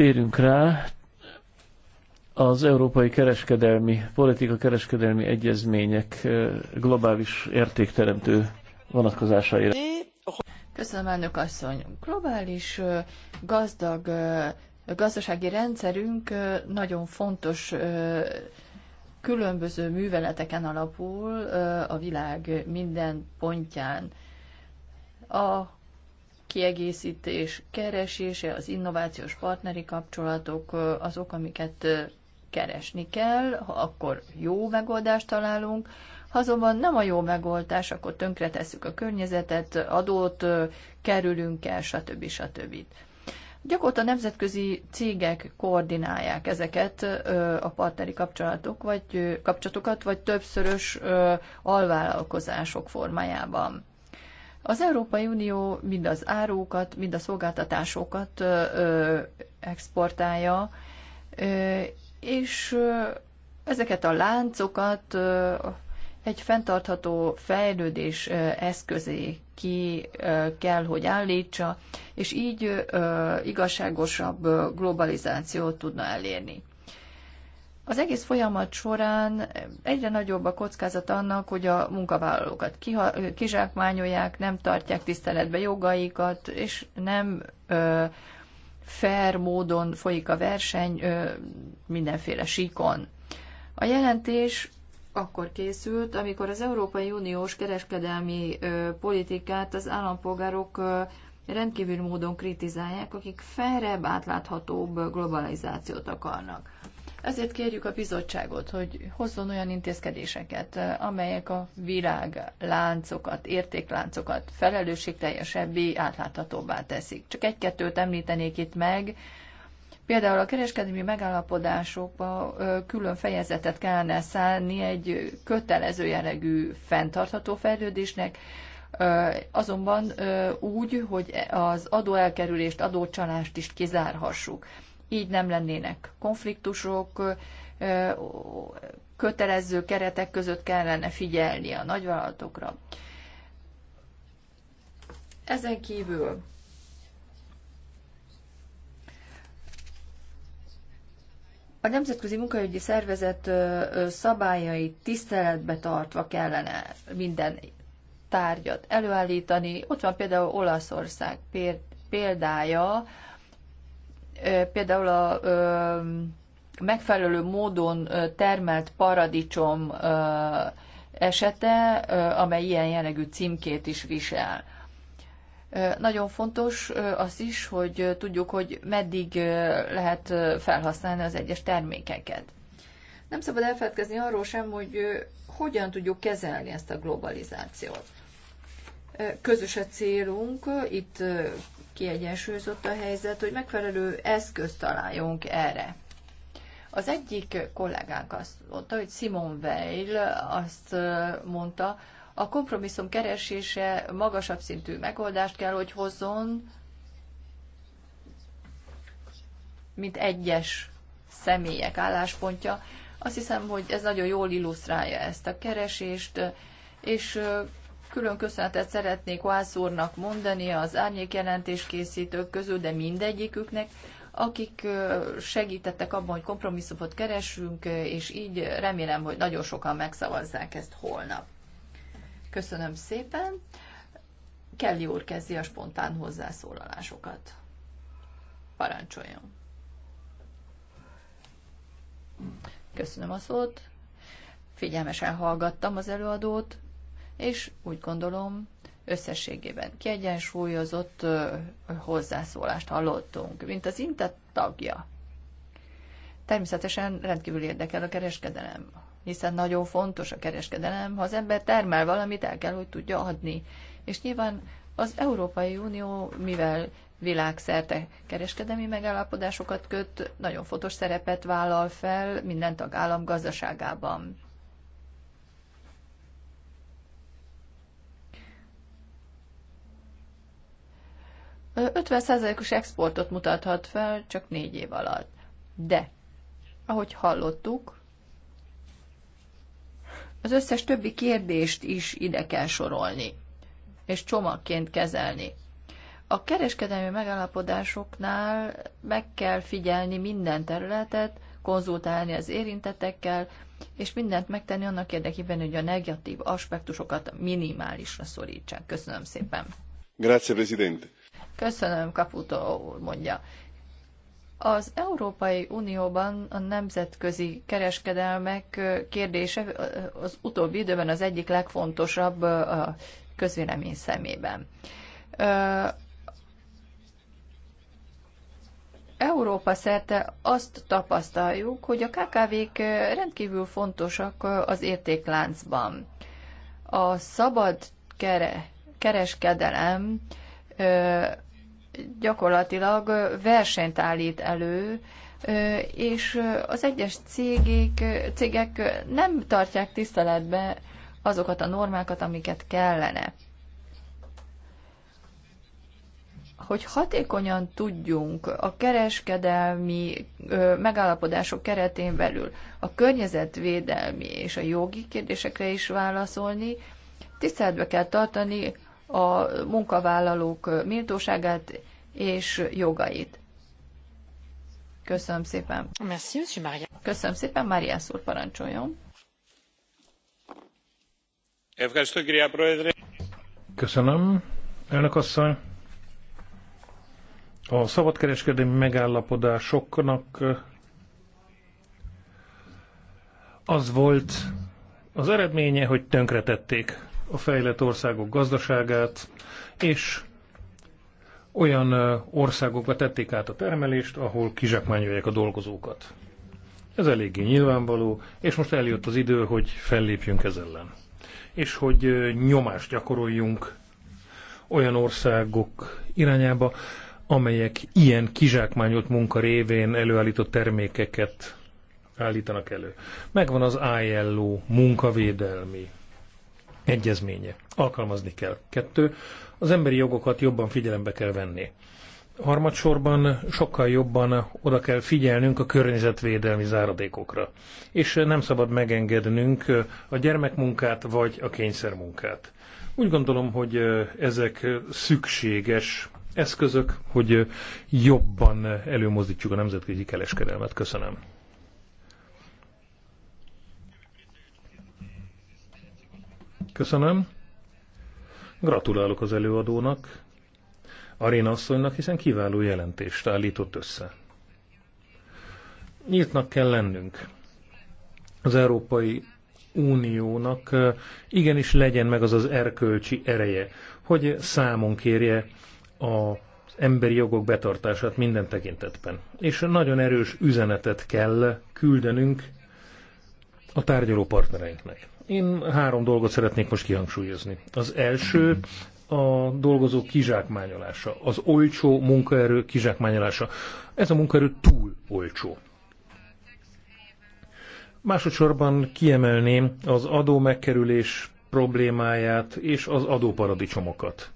Térünk rá az európai kereskedelmi, politika kereskedelmi egyezmények eh, globális értékteremtő vonatkozásaira. Köszönöm, elnök asszony. Globális eh, gazdag eh, gazdasági rendszerünk nagyon fontos különböző műveleteken alapul a világ minden pontján. A kiegészítés keresése, az innovációs partneri kapcsolatok azok, amiket keresni kell, ha akkor jó megoldást találunk, ha azonban nem a jó megoldás, akkor tönkretesszük a környezetet, adót kerülünk el, stb. stb. Gyakorlatilag a nemzetközi cégek koordinálják ezeket a partneri kapcsolatok, vagy kapcsolatokat, vagy többszörös alvállalkozások formájában. Az Európai Unió mind az árukat, mind a szolgáltatásokat exportálja, és ezeket a láncokat egy fenntartható fejlődés eszközé ki kell, hogy állítsa, és így igazságosabb globalizációt tudna elérni. Az egész folyamat során egyre nagyobb a kockázat annak, hogy a munkavállalókat kizsákmányolják, nem tartják tiszteletbe jogaikat, és nem ö, fair módon folyik a verseny ö, mindenféle síkon. A jelentés akkor készült, amikor az Európai Uniós kereskedelmi ö, politikát az állampolgárok ö, rendkívül módon kritizálják, akik felrebb, átláthatóbb globalizációt akarnak. Ezért kérjük a bizottságot, hogy hozzon olyan intézkedéseket, amelyek a virágláncokat, értékláncokat felelősségteljesebbé, átláthatóbbá teszik. Csak egy-kettőt említenék itt meg. Például a kereskedelmi megállapodásokba külön fejezetet kellene szállni egy kötelező jellegű fenntartható fejlődésnek, azonban úgy, hogy az adóelkerülést, adócsalást is kizárhassuk így nem lennének konfliktusok, kötelező keretek között kellene figyelni a nagyvállalatokra. Ezen kívül a Nemzetközi Munkaügyi Szervezet szabályai tiszteletbe tartva kellene minden tárgyat előállítani. Ott van például Olaszország példája, például a megfelelő módon termelt paradicsom esete, amely ilyen jellegű címkét is visel. Nagyon fontos az is, hogy tudjuk, hogy meddig lehet felhasználni az egyes termékeket. Nem szabad elfeledkezni arról sem, hogy hogyan tudjuk kezelni ezt a globalizációt. Közös a célunk, itt kiegyensúlyozott a helyzet, hogy megfelelő eszközt találjunk erre. Az egyik kollégánk azt mondta, hogy Simon Weil azt mondta, a kompromisszum keresése magasabb szintű megoldást kell, hogy hozzon, mint egyes személyek álláspontja. Azt hiszem, hogy ez nagyon jól illusztrálja ezt a keresést, és Külön köszönetet szeretnék Vász úrnak mondani az jelentés készítők közül, de mindegyiküknek, akik segítettek abban, hogy kompromisszumot keresünk, és így remélem, hogy nagyon sokan megszavazzák ezt holnap. Köszönöm szépen. Kelly úr kezdi a spontán hozzászólalásokat. Parancsoljon. Köszönöm a szót. Figyelmesen hallgattam az előadót és úgy gondolom, összességében kiegyensúlyozott hozzászólást hallottunk, mint az INTE tagja. Természetesen rendkívül érdekel a kereskedelem, hiszen nagyon fontos a kereskedelem, ha az ember termel valamit, el kell, hogy tudja adni. És nyilván az Európai Unió, mivel világszerte kereskedelmi megállapodásokat köt, nagyon fontos szerepet vállal fel minden tagállam gazdaságában. 50%-os exportot mutathat fel csak négy év alatt. De, ahogy hallottuk, az összes többi kérdést is ide kell sorolni, és csomagként kezelni. A kereskedelmi megállapodásoknál meg kell figyelni minden területet, konzultálni az érintetekkel, és mindent megtenni annak érdekében, hogy a negatív aspektusokat minimálisra szorítsák. Köszönöm szépen. Grazie, Presidente. Köszönöm, Kaputo úr, mondja. Az Európai Unióban a nemzetközi kereskedelmek kérdése az utóbbi időben az egyik legfontosabb a közvélemény szemében. Európa szerte azt tapasztaljuk, hogy a KKV-k rendkívül fontosak az értékláncban. A szabad kere, kereskedelem gyakorlatilag versenyt állít elő, és az egyes cégek, cégek nem tartják tiszteletbe azokat a normákat, amiket kellene. Hogy hatékonyan tudjunk a kereskedelmi megállapodások keretén belül a környezetvédelmi és a jogi kérdésekre is válaszolni, tiszteletbe kell tartani a munkavállalók méltóságát és jogait. Köszönöm szépen. Merci, Köszönöm szépen, Máriász úr parancsoljon. Köszönöm, elnök asszony. A szabadkereskedelmi megállapodásoknak eh, az volt az eredménye, hogy tönkretették a fejlett országok gazdaságát, és olyan országokba tették át a termelést, ahol kizsákmányolják a dolgozókat. Ez eléggé nyilvánvaló, és most eljött az idő, hogy fellépjünk ez ellen. És hogy nyomást gyakoroljunk olyan országok irányába, amelyek ilyen kizsákmányolt munka révén előállított termékeket állítanak elő. Megvan az ILO munkavédelmi egyezménye. Alkalmazni kell. Kettő, az emberi jogokat jobban figyelembe kell venni. Harmadsorban sokkal jobban oda kell figyelnünk a környezetvédelmi záradékokra, és nem szabad megengednünk a gyermekmunkát vagy a kényszermunkát. Úgy gondolom, hogy ezek szükséges eszközök, hogy jobban előmozdítsuk a nemzetközi kereskedelmet. Köszönöm. Köszönöm. Gratulálok az előadónak, Aréna asszonynak, hiszen kiváló jelentést állított össze. Nyitnak kell lennünk. Az Európai Uniónak igenis legyen meg az az erkölcsi ereje, hogy számon kérje a emberi jogok betartását minden tekintetben. És nagyon erős üzenetet kell küldenünk a tárgyaló partnereinknek. Én három dolgot szeretnék most kihangsúlyozni. Az első a dolgozó kizsákmányolása, az olcsó munkaerő kizsákmányolása. Ez a munkaerő túl olcsó. Másodszorban kiemelném az adó megkerülés problémáját és az adóparadicsomokat.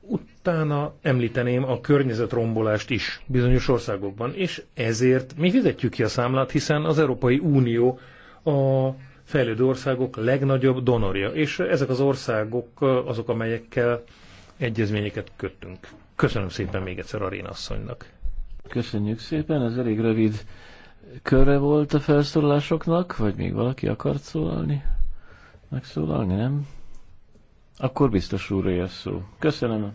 Utána említeném a környezetrombolást is bizonyos országokban, és ezért mi fizetjük ki a számlát, hiszen az Európai Unió a fejlődő országok legnagyobb donorja, és ezek az országok azok, amelyekkel egyezményeket kötünk. Köszönöm szépen még egyszer a asszonynak. Köszönjük szépen, ez elég rövid körre volt a felszólalásoknak, vagy még valaki akart szólalni? Megszólalni, nem? Akkor biztos úr a szó. Köszönöm,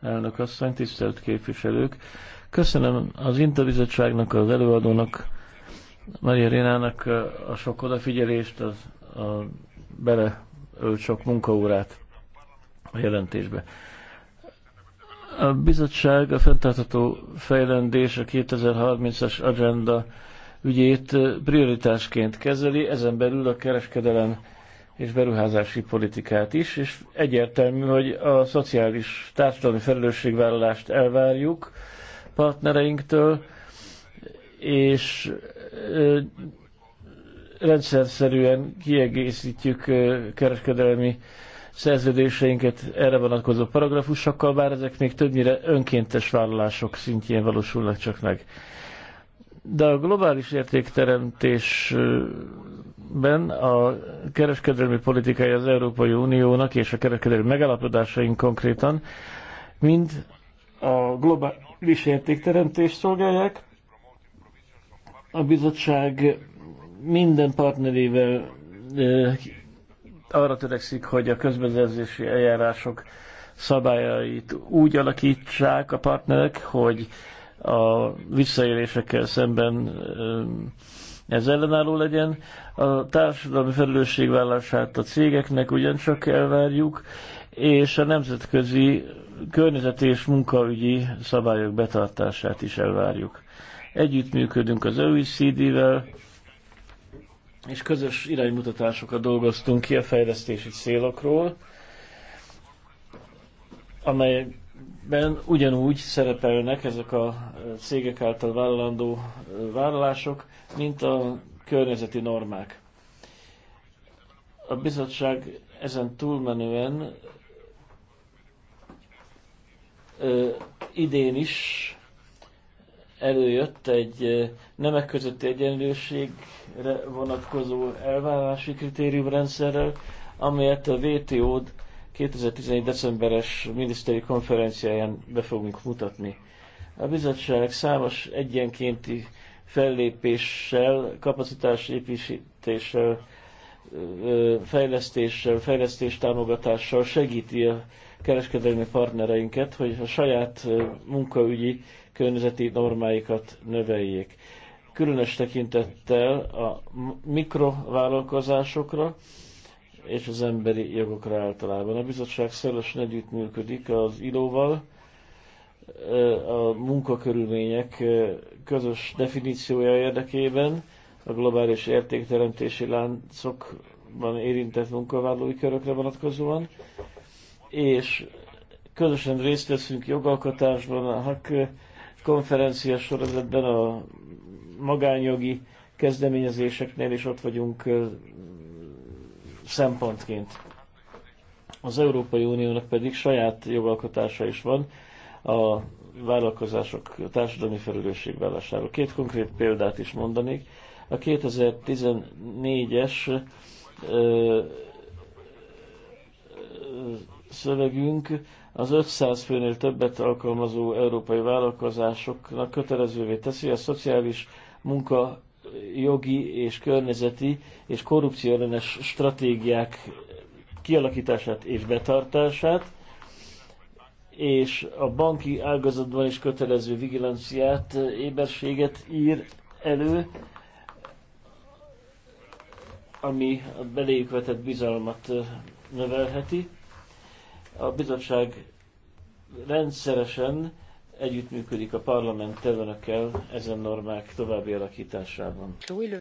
elnök asszony, tisztelt képviselők. Köszönöm az interbizottságnak, az előadónak, Maria Rénának a sok odafigyelést, az, a bele sok munkaórát a jelentésbe. A bizottság a fenntartható fejlendés a 2030-as agenda ügyét prioritásként kezeli, ezen belül a kereskedelem és beruházási politikát is, és egyértelmű, hogy a szociális társadalmi felelősségvállalást elvárjuk partnereinktől, és szerűen kiegészítjük kereskedelmi szerződéseinket erre vonatkozó paragrafusokkal, bár ezek még többnyire önkéntes vállalások szintjén valósulnak csak meg. De a globális értékteremtésben a kereskedelmi politikai az Európai Uniónak és a kereskedelmi megállapodásaink konkrétan mind a globális értékteremtést szolgálják, a bizottság minden partnerével arra törekszik, hogy a közbeszerzési eljárások szabályait úgy alakítsák a partnerek, hogy a visszaélésekkel szemben ez ellenálló legyen. A társadalmi felelősségvállását a cégeknek ugyancsak elvárjuk, és a nemzetközi környezet és munkaügyi szabályok betartását is elvárjuk együttműködünk az OECD-vel, és közös iránymutatásokat dolgoztunk ki a fejlesztési célokról, amelyben ugyanúgy szerepelnek ezek a cégek által vállalandó vállalások, mint a környezeti normák. A bizottság ezen túlmenően ö, idén is előjött egy nemek közötti egyenlőségre vonatkozó elvárási kritériumrendszerrel, amelyet a WTO 2011. decemberes miniszteri konferenciáján be fogunk mutatni. A bizottság számos egyenkénti fellépéssel, kapacitásépítéssel, fejlesztéssel, fejlesztés támogatással segíti a kereskedelmi partnereinket, hogy a saját munkaügyi környezeti normáikat növeljék. Különös tekintettel a mikrovállalkozásokra és az emberi jogokra általában. A bizottság szélesen együttműködik az ILO-val, a munkakörülmények közös definíciója érdekében, a globális értékteremtési láncokban érintett munkavállalói körökre vonatkozóan, és közösen részt veszünk jogalkotásban, a HAK konferencia sorozatban, a magánjogi kezdeményezéseknél, és ott vagyunk szempontként. Az Európai Uniónak pedig saját jogalkotása is van a vállalkozások társadalmi felelősségvállásáról. Két konkrét példát is mondanék. A 2014-es szövegünk az 500 főnél többet alkalmazó európai vállalkozásoknak kötelezővé teszi a szociális munka jogi és környezeti és korrupcióellenes stratégiák kialakítását és betartását, és a banki ágazatban is kötelező vigilanciát, éberséget ír elő, ami a beléjük vetett bizalmat növelheti. A bizottság rendszeresen együttműködik a parlamenttel, önökkel ezen normák további alakításában.